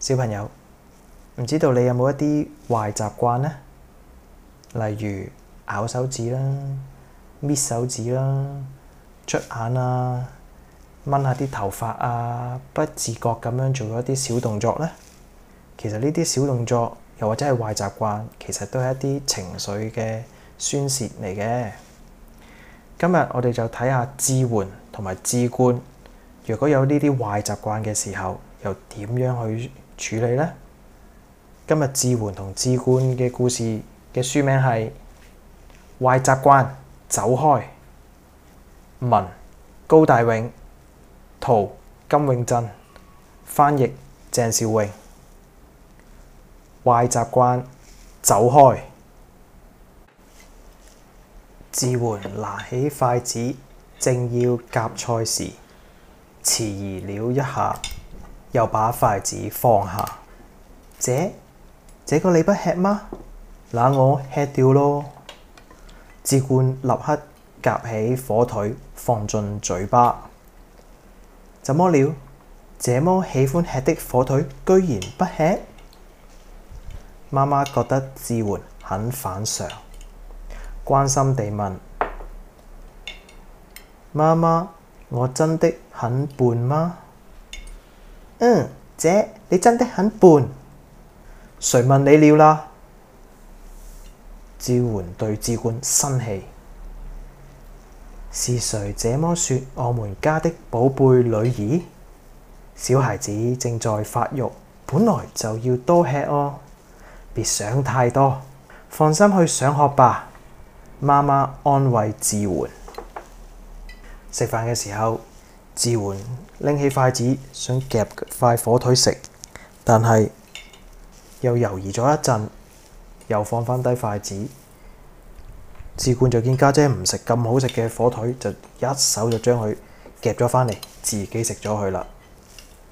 小朋友，唔知道你有冇一啲壞習慣呢？例如咬手指啦、搣手指啦、捽眼啦、掹下啲頭髮啊，不自覺咁樣做咗一啲小動作呢？其實呢啲小動作，又或者係壞習慣，其實都係一啲情緒嘅宣泄嚟嘅。今日我哋就睇下智媛同埋智冠。如果有呢啲壞習慣嘅時候，又點樣去？處理呢？今日智媛同智冠嘅故事嘅書名係《壞習慣走開》。文高大永，圖金永鎮，翻譯鄭筱穎。壞習慣走開。智媛拿起筷子，正要夾菜時，遲疑了一下。又把筷子放下。姐，這個你不吃嗎？那我吃掉咯。智冠立刻夾起火腿放進嘴巴。怎麼了？這麼喜歡吃的火腿居然不吃？媽媽覺得智媛很反常，關心地問：媽媽，我真的很笨嗎？嗯，姐，你真的很笨。誰問你了啦？智媛對智冠生氣，是誰這麼說我們家的寶貝女兒？小孩子正在發育，本來就要多吃哦。別想太多，放心去上學吧。媽媽安慰智媛。食飯嘅時候，智媛。拎起筷子想夾塊火腿食，但係又猶豫咗一陣，又放翻低筷子。智冠就見家姐唔食咁好食嘅火腿，就一手就將佢夾咗翻嚟，自己食咗佢啦。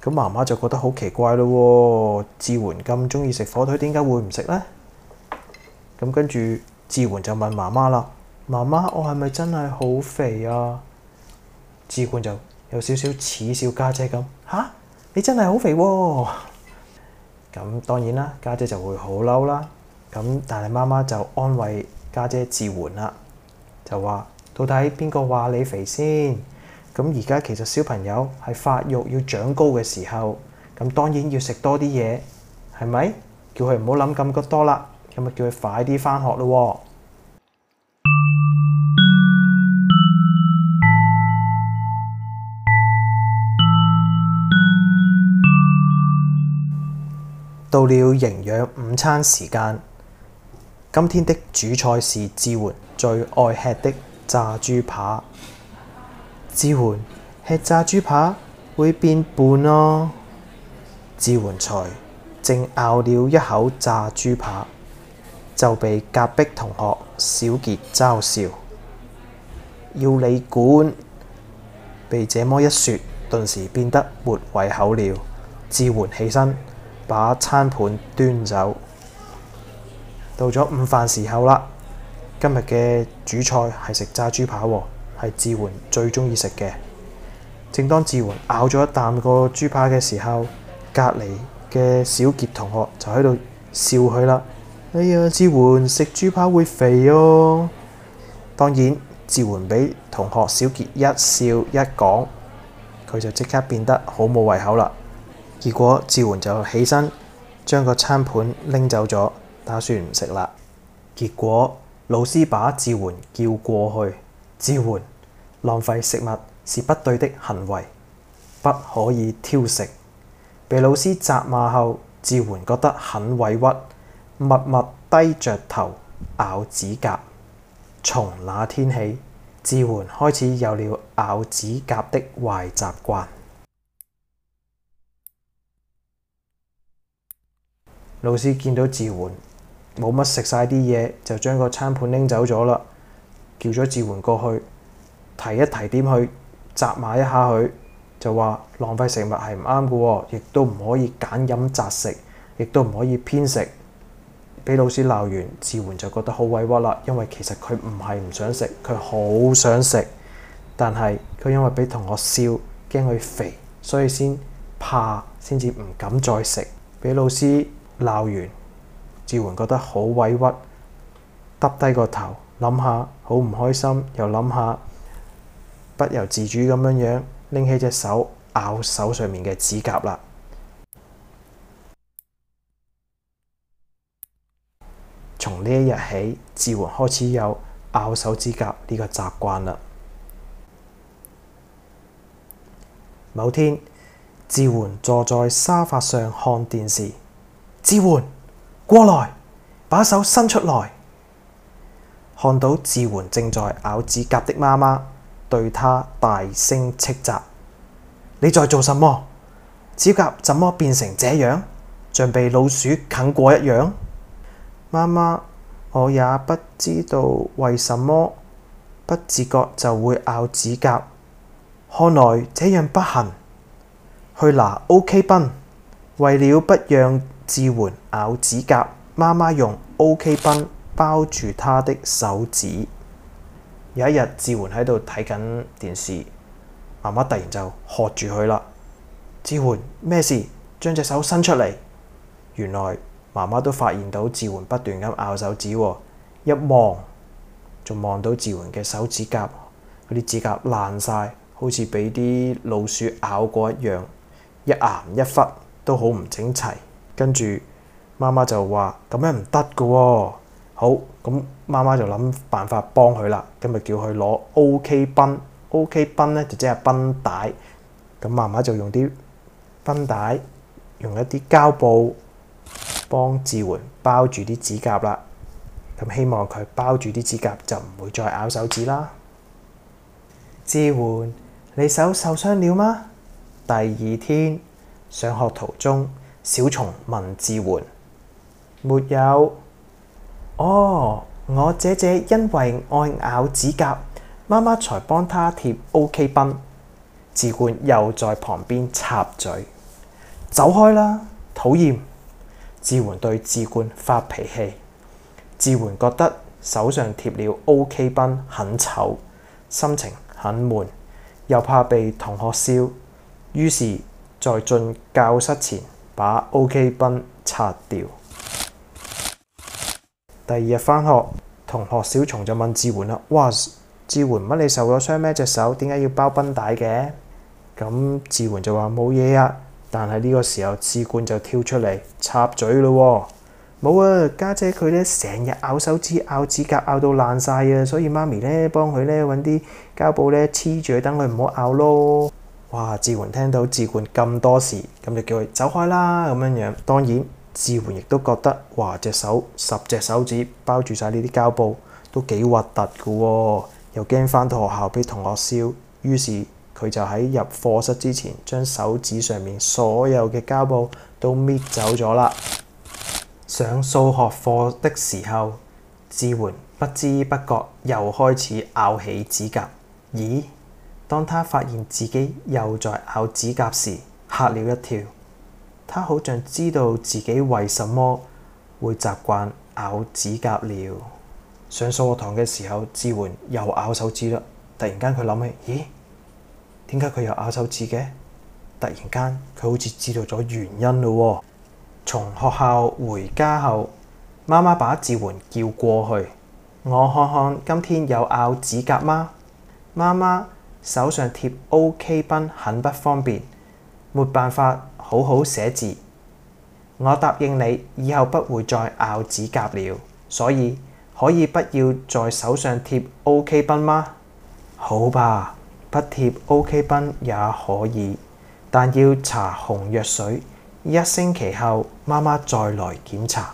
咁媽媽就覺得好奇怪咯，智冠咁鍾意食火腿，點解會唔食呢？咁跟住智冠就問媽媽啦：媽媽，我係咪真係好肥啊？智冠就。有少少恥笑家姐咁吓，你真係好肥喎，啊！咁當然啦，家姐，姐就會好嬲啦。咁但係媽媽就安慰家姐，姐自緩啦，就話到底邊個話你肥先？咁而家其實小朋友係發育要長高嘅時候，咁當然要食多啲嘢，係咪？叫佢唔好諗咁多啦，咁咪叫佢快啲返學咯。到了營養午餐時間，今天的主菜是智媛最愛吃的炸豬扒。智媛吃炸豬扒會變胖咯。智媛才正咬了一口炸豬扒，就被隔壁同學小杰嘲笑，要你管。被這麼一説，頓時變得沒胃口了。智媛起身，把餐盤端走。到咗午飯時候啦，今日嘅主菜係食炸豬扒喎，係智媛最鍾意食嘅。正當智媛咬咗一啖個豬扒嘅時候，隔離嘅小傑同學就喺度笑佢啦。哎呀，智媛食豬扒會肥哦。當然，智媛俾同學小傑一笑一講，佢就即刻變得好冇胃口啦。結果智媛就起身將個餐盤拎走咗，打算唔食啦。結果老師把智媛叫過去，智媛浪費食物是不對的行為，不可以挑食。被老師責罵後，智媛覺得很委屈，默默低着頭咬指甲。從那天起，智媛開始有了咬指甲的壞習慣。老師見到智媛冇乜食晒啲嘢，就將個餐盤拎走咗啦。叫咗智媛過去提一提點去責罵一下佢，就話浪費食物係唔啱嘅，亦都唔可以揀飲擇食，亦都唔可以偏食。俾老師鬧完，智媛就覺得好委屈啦，因為其實佢唔係唔想食，佢好想食，但係佢因為俾同學笑，驚佢肥，所以先怕先至唔敢再食。俾老師鬧完，智媛覺得好委屈，耷低個頭，諗下好唔開心，又諗下，不由自主咁樣樣拎起隻手咬手上面嘅指甲啦。從呢一日起，智媛開始有咬手指甲呢個習慣啦。某天，智媛坐在沙發上看電視。智媛，過來，把手伸出來。看到智媛正在咬指甲的媽媽，對他大聲斥責：你在做什麼？指甲怎麼變成這樣，像被老鼠啃過一樣？媽媽，我也不知道為什麼，不自覺就會咬指甲。看來這樣不行，去拿 OK 繃，為了不讓。智媛咬指甲，媽媽用 OK 繃包住她的手指。有一日，智媛喺度睇緊電視，媽媽突然就喝住佢啦。智媛，咩事？將隻手伸出嚟。原來媽媽都發現到智媛不斷咁咬手指，一望仲望到智媛嘅手指甲，嗰啲指甲爛晒，好似俾啲老鼠咬過一樣，一岩一忽都好唔整齊。跟住媽媽就話：咁樣唔得嘅喎，好，咁媽媽就諗辦法幫佢啦。今日叫佢攞 O.K. 繃，O.K. 繃咧，就即係繃帶。咁媽媽就用啲繃帶，用一啲膠布幫智媛包住啲指甲啦。咁希望佢包住啲指甲就唔會再咬手指啦。智媛，你手受傷了嗎？第二天上學途中。小蟲問智媛：沒有？哦，我姐姐因為愛咬指甲，媽媽才幫她貼 OK 繃。智冠又在旁邊插嘴：走開啦，討厭！智媛對智冠發脾氣。智媛覺得手上貼了 OK 繃很醜，心情很悶，又怕被同學笑，於是，在進教室前。把 O.K. 繃擦掉。第二日返學，同學小松就問智媛啦：哇，智媛乜你受咗傷咩？隻手點解要包繃帶嘅？咁智媛就話冇嘢啊。但係呢個時候，智冠就跳出嚟插嘴咯：冇啊，家姐佢咧成日咬手指、咬指甲咬到爛晒啊，所以媽咪咧幫佢咧揾啲膠布咧黐住，等佢唔好咬咯。哇！智媛聽到智冠咁多事，咁就叫佢走開啦咁樣樣。當然，智媛亦都覺得哇隻手十隻手指包住晒呢啲膠布都幾核突㗎喎，又驚返到學校俾同學笑，於是佢就喺入課室之前將手指上面所有嘅膠布都搣走咗啦。上數學課的時候，智媛不知不覺又開始咬起指甲。咦？當他發現自己又在咬指甲時，嚇了一跳。他好像知道自己為什麼會習慣咬指甲了。上數學堂嘅時候，智媛又咬手指啦。突然間，佢諗起，咦，點解佢又咬手指嘅？突然間，佢好似知道咗原因了。從學校回家後，媽媽把智媛叫過去，我看看今天有咬指甲嗎？媽媽。手上貼 O.K. 繃很不方便，沒辦法好好寫字。我答應你，以後不會再咬指甲了，所以可以不要在手上貼 O.K. 繃嗎？好吧，不貼 O.K. 繃也可以，但要搽紅藥水，一星期後媽媽再來檢查。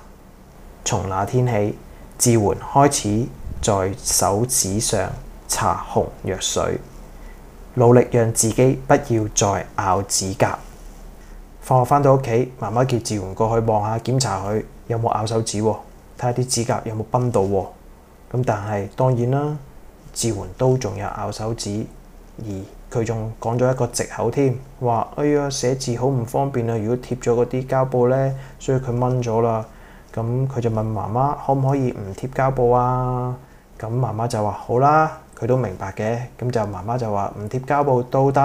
從那天起，智媛開始在手指上搽紅藥水。努力讓自己不要再咬指甲。放學返到屋企，媽媽叫智媛過去望下檢查佢有冇咬手指喎，睇下啲指甲有冇崩到喎。咁但係當然啦，智媛都仲有咬手指，而佢仲講咗一個藉口添，話，哎呀寫字好唔方便啊！如果貼咗嗰啲膠布咧，所以佢掹咗啦。咁佢就問媽媽可唔可以唔貼膠布啊？咁媽媽就話好啦。佢都明白嘅，咁就媽媽就話唔貼膠布都得，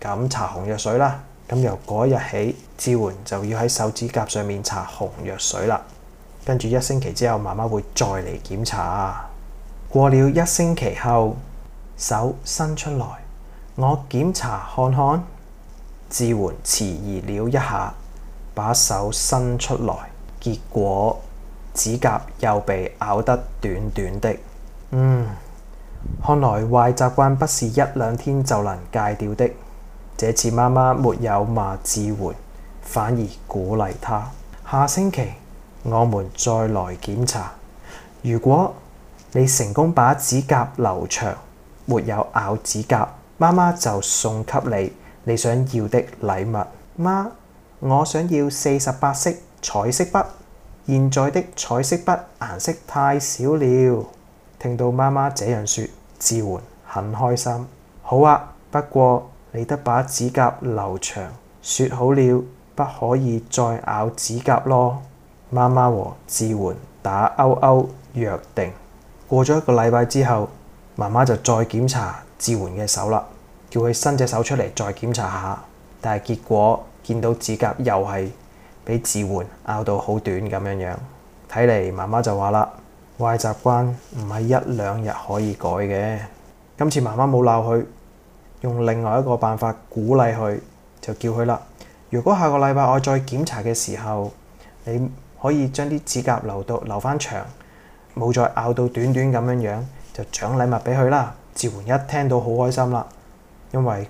咁搽紅藥水啦。咁由嗰日起，智媛就要喺手指甲上面搽紅藥水啦。跟住一星期之後，媽媽會再嚟檢查。過了一星期後，手伸出來，我檢查看看。智媛遲疑了一下，把手伸出來，結果指甲又被咬得短短的。嗯。看來壞習慣不是一兩天就能戒掉的。這次媽媽沒有罵智媛，反而鼓勵她。下星期我們再來檢查。如果你成功把指甲留長，沒有咬指甲，媽媽就送給你你想要的禮物。媽，我想要四十八色彩色筆。現在的彩色筆顏色太少了。聽到媽媽這樣說，智媛很開心。好啊，不過你得把指甲留長，説好了不可以再咬指甲咯。媽媽和智媛打勾勾約定。過咗一個禮拜之後，媽媽就再檢查智媛嘅手啦，叫佢伸隻手出嚟再檢查下。但係結果見到指甲又係俾智媛咬到好短咁樣樣，睇嚟媽媽就話啦。壞習慣唔係一兩日可以改嘅。今次媽媽冇鬧佢，用另外一個辦法鼓勵佢，就叫佢啦。如果下個禮拜我再檢查嘅時候，你可以將啲指甲留到留翻長，冇再拗到短短咁樣樣，就獎禮物俾佢啦。智媛一聽到好開心啦，因為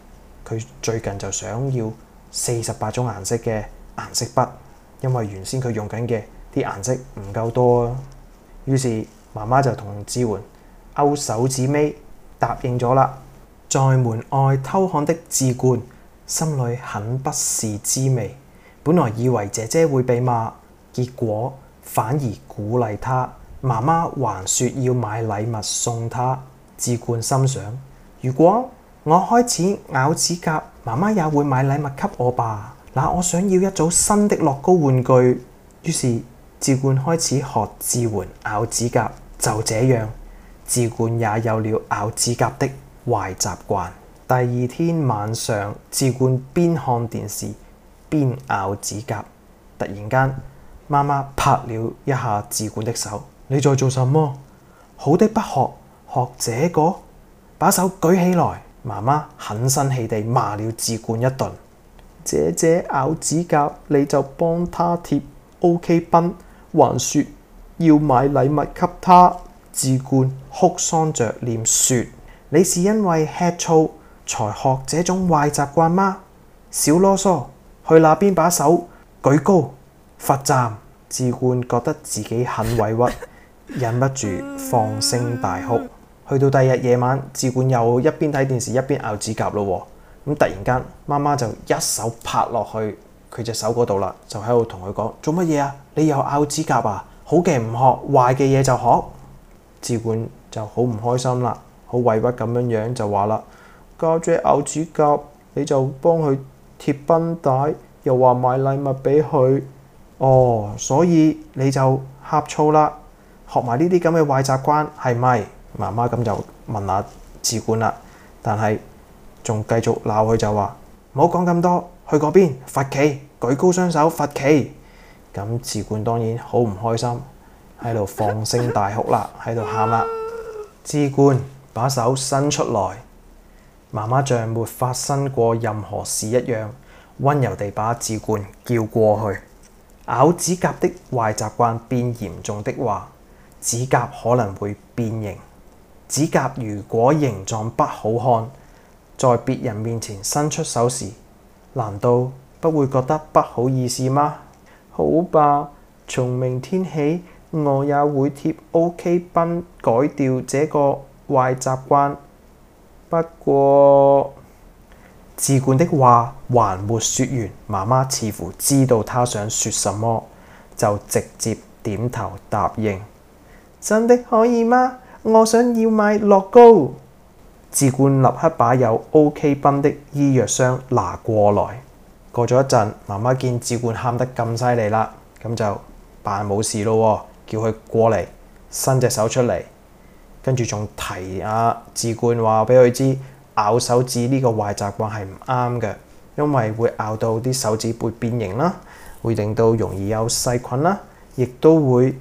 佢最近就想要四十八種顏色嘅顏色筆，因為原先佢用緊嘅啲顏色唔夠多啊。於是媽媽就同智媛勾手指尾，答應咗啦。在門外偷看的智冠，心裡很不是滋味。本來以為姐姐會被罵，結果反而鼓勵他。媽媽還說要買禮物送他。智冠心想：如果我開始咬指甲，媽媽也會買禮物給我吧？那我想要一組新的樂高玩具。於是智冠開始學智媛咬指甲，就這樣，智冠也有了咬指甲的壞習慣。第二天晚上，智冠邊看電視邊咬指甲。突然間，媽媽拍了一下智冠的手：你在做什麼？好的不學學這個，把手舉起來。媽媽很生氣地罵了智冠一頓。姐姐咬指甲，你就幫他貼 OK 繃。還說要買禮物給他，智冠哭喪着臉説：你是因為吃醋才學這種壞習慣嗎？少囉嗦，去那邊把手舉高，罰站。智冠覺得自己很委屈，忍不住放聲大哭。去到第二日夜晚，智冠又一邊睇電視一邊咬指甲咯喎，咁突然間媽媽就一手拍落去。佢隻手嗰度啦，就喺度同佢講做乜嘢啊？你又咬指甲啊？好嘅唔學，壞嘅嘢就學。智冠就好唔開心啦，好委屈咁樣樣就話啦，家姐，姐咬指甲，你就幫佢貼繃帶，又話買禮物俾佢。哦，所以你就呷醋啦，學埋呢啲咁嘅壞習慣係咪？媽媽咁就問下智冠啦，但係仲繼續鬧佢，就話唔好講咁多。去嗰邊罰企，舉高雙手罰企。咁智冠當然好唔開心，喺度放聲大哭啦，喺度喊啦。智冠把手伸出來，媽媽像沒發生過任何事一樣，溫柔地把智冠叫過去。咬指甲的壞習慣變嚴重的話，指甲可能會變形。指甲如果形狀不好看，在別人面前伸出手時，難道不會覺得不好意思嗎？好吧，從明天起，我也會貼 OK 繃改掉這個壞習慣。不過，智冠的話還沒說完，媽媽似乎知道他想說什麼，就直接點頭答應：“真的可以嗎？我想要買樂高。志冠立刻把有 O.K. 繃的醫藥箱，拿過來過了過了。過咗一陣，媽媽見志冠喊得咁犀利啦，咁就扮冇事咯，叫佢過嚟伸隻手出嚟，跟住仲提啊志冠話俾佢知咬手指呢個壞習慣係唔啱嘅，因為會咬到啲手指背變形啦，會令到容易有細菌啦，亦都會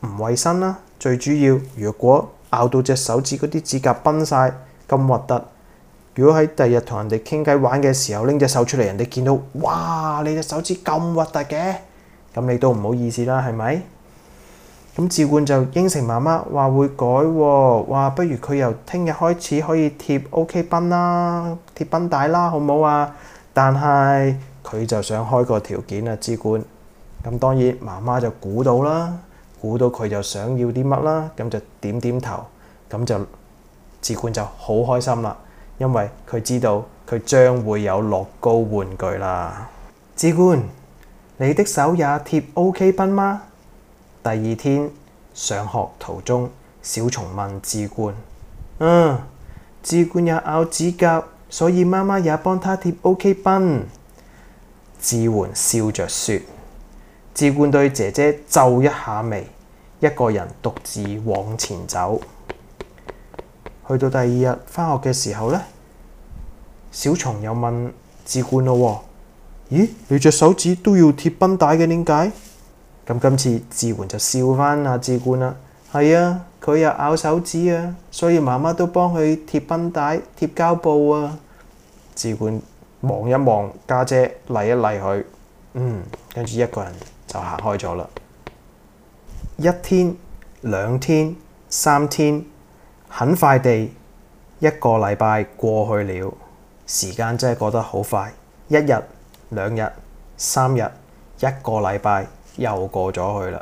唔衞生啦。最主要，如果咬到隻手指嗰啲指甲崩晒。咁核突！如果喺第日同人哋傾偈玩嘅時候，拎隻手出嚟，人哋見到哇，你隻手指咁核突嘅，咁你都唔好意思啦，係咪？咁智冠就應承媽媽話會改喎，話不如佢由聽日開始可以貼 OK 繃啦，貼繃帶啦，好唔好啊？但係佢就想開個條件啊，智冠。咁當然媽媽就估到啦，估到佢就想要啲乜啦，咁就點點頭，咁就。智冠就好開心啦，因為佢知道佢將會有樂高玩具啦。智冠，你的手也貼 O.K. 繃嗎？第二天上學途中，小松問智冠：嗯，智冠也咬指甲，所以媽媽也幫他貼 O.K. 繃。智媛笑着說：智冠對姐姐皺一下眉，一個人獨自往前走。去到第二日返學嘅時候呢，小松又問智冠咯：咦，你隻手指都要貼繃帶嘅點解？咁今次智媛就笑翻阿智冠啦。係啊，佢又咬手指啊，所以媽媽都幫佢貼繃帶、貼膠布啊。智冠望一望家姐，姐，勵一勵佢，嗯，跟住一個人就行開咗啦。一天、兩天、三天。很快地，一個禮拜過去了，時間真係過得好快。一日、兩日、三日，一個禮拜又過咗去啦。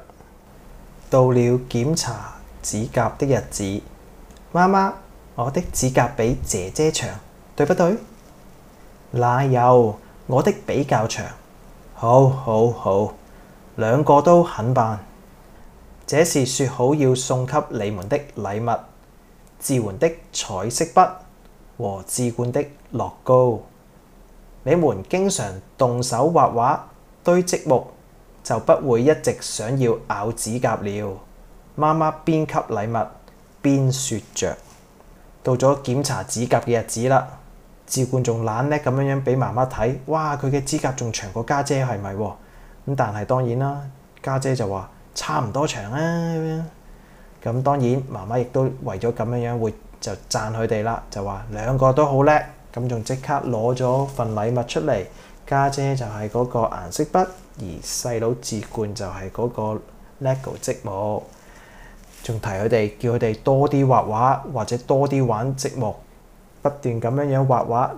到了檢查指甲的日子。媽媽，我的指甲比姐姐長，對不對？哪有，我的比較長。好，好，好，兩個都很棒。這是説好要送給你們的禮物。智媛的彩色筆和智冠的樂高，你們經常動手畫畫堆積木，就不會一直想要咬指甲媽媽邊邊了。媽媽邊給禮物邊說着，到咗檢查指甲嘅日子啦。智冠仲懶叻咁樣樣俾媽媽睇，哇！佢嘅指甲仲長過家姐係咪？咁但係當然啦，家姐，姐就話差唔多長啦。咁當然，媽媽亦都為咗咁樣樣會就讚佢哋啦，就話兩個都好叻，咁仲即刻攞咗份禮物出嚟。家姐就係嗰個顏色筆，而細佬智冠就係嗰個 LEGO 積木，仲提佢哋叫佢哋多啲畫畫或者多啲玩積木，不斷咁樣樣畫畫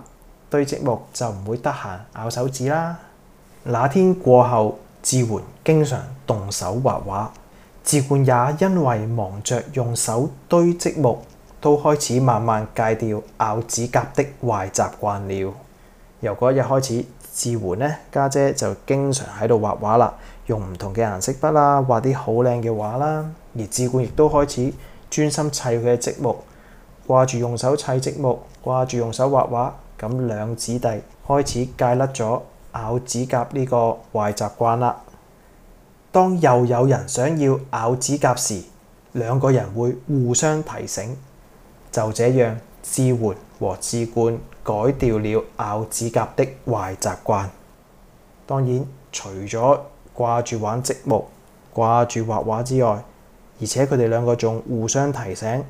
堆積木就唔會得閒咬手指啦。那天過後，智媛經常動手畫畫。智冠也因為忙着用手堆積木，都開始慢慢戒掉咬指甲的壞習慣了。由嗰一日開始，智媛呢家姐，姐就經常喺度畫畫啦，用唔同嘅顏色筆啦，畫啲好靚嘅畫啦。而智冠亦都開始專心砌佢嘅積木，掛住用手砌積木，掛住用手畫畫。咁兩姊弟開始戒甩咗咬指甲呢個壞習慣啦。當又有人想要咬指甲時，兩個人會互相提醒，就這樣智媛和智冠改掉了咬指甲的壞習慣。當然，除咗掛住玩積木、掛住畫畫之外，而且佢哋兩個仲互相提醒，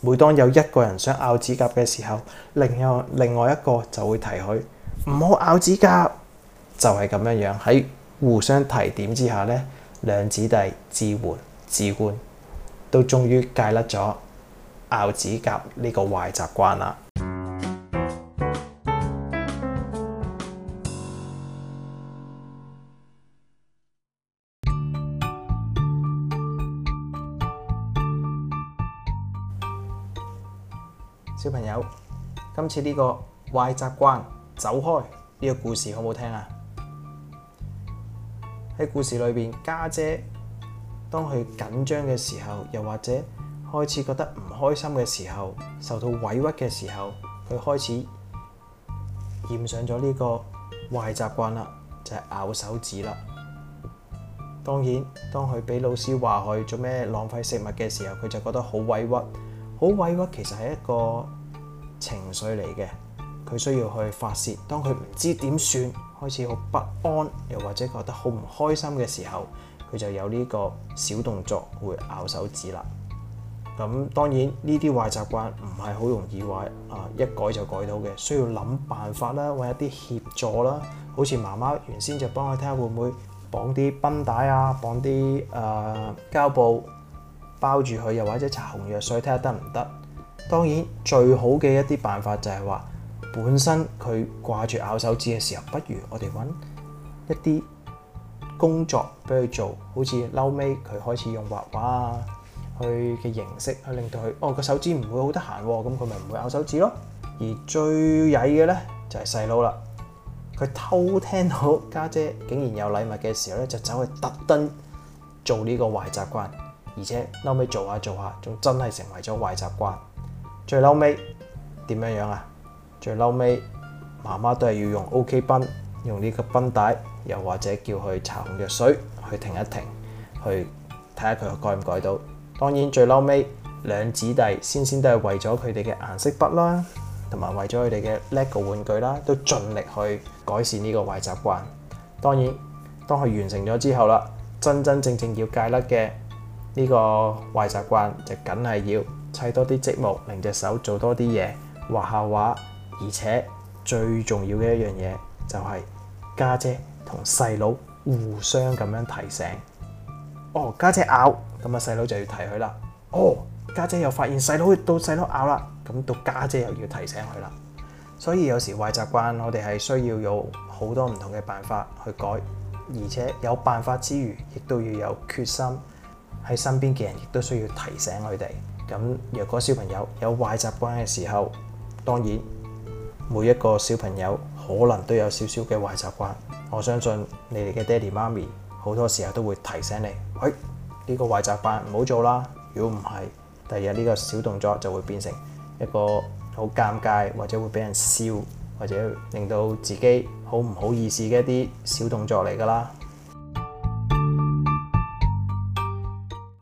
每當有一個人想咬指甲嘅時候，另有另外一個就會提佢唔好咬指甲，就係、是、咁樣樣喺。互相提點之下呢，兩姊弟智媛、智冠，都終於戒甩咗咬指甲呢個壞習慣啦。小朋友，今次呢個壞習慣走開呢個故事好唔好聽啊？喺故事裏邊，家姐當佢緊張嘅時候，又或者開始覺得唔開心嘅時候，受到委屈嘅時候，佢開始染上咗呢個壞習慣啦，就係咬手指啦。當然，當佢俾老師話佢做咩浪費食物嘅時候，佢就覺得好委屈，好委屈其實係一個情緒嚟嘅，佢需要去發泄。當佢唔知點算。開始好不安，又或者覺得好唔開心嘅時候，佢就有呢個小動作會咬手指啦。咁當然呢啲壞習慣唔係好容易話啊，一改就改到嘅，需要諗辦法啦，或者一啲協助啦。好似媽媽原先就幫佢睇下會唔會綁啲繃帶啊，綁啲誒、呃、膠布包住佢，又或者搽紅藥水睇下得唔得。當然最好嘅一啲辦法就係、是、話。本身佢掛住咬手指嘅時候，不如我哋揾一啲工作俾佢做，好似嬲尾佢開始用畫畫啊，去嘅形式去令到佢哦個手指唔會好得閒喎，咁佢咪唔會咬手指咯。而最曳嘅咧就係細佬啦，佢偷聽到家姐竟然有禮物嘅時候咧，就走去特登做呢個壞習慣，而且嬲尾做下做下，仲真係成為咗壞習慣。最嬲尾點樣樣啊？最嬲尾，媽媽都係要用 O.K. b 用呢個繃帶，又或者叫佢搽紅藥水，去停一停，去睇下佢改唔改到。當然最嬲尾，兩子弟先先都係為咗佢哋嘅顏色筆啦，同埋為咗佢哋嘅叻個玩具啦，都盡力去改善呢個壞習慣。當然當佢完成咗之後啦，真真正正要戒甩嘅呢個壞習慣，就梗係要砌多啲積木，令隻手做多啲嘢，畫下畫。而且最重要嘅一樣嘢就係家姐同細佬互相咁樣提醒。哦，家姐咬咁啊，細佬就要提佢啦。哦，家姐又發現細佬到細佬咬啦，咁到家姐又要提醒佢啦。所以有時壞習慣，我哋係需要有好多唔同嘅辦法去改，而且有辦法之餘，亦都要有決心。喺身邊嘅人亦都需要提醒佢哋。咁若果小朋友有壞習慣嘅時候，當然。每一個小朋友可能都有少少嘅壞習慣，我相信你哋嘅爹哋媽咪好多時候都會提醒你，喂、哎，呢、呢個壞習慣唔好做啦！如果唔係，第二日呢個小動作就會變成一個好尷尬，或者會俾人笑，或者令到自己好唔好意思嘅一啲小動作嚟㗎啦。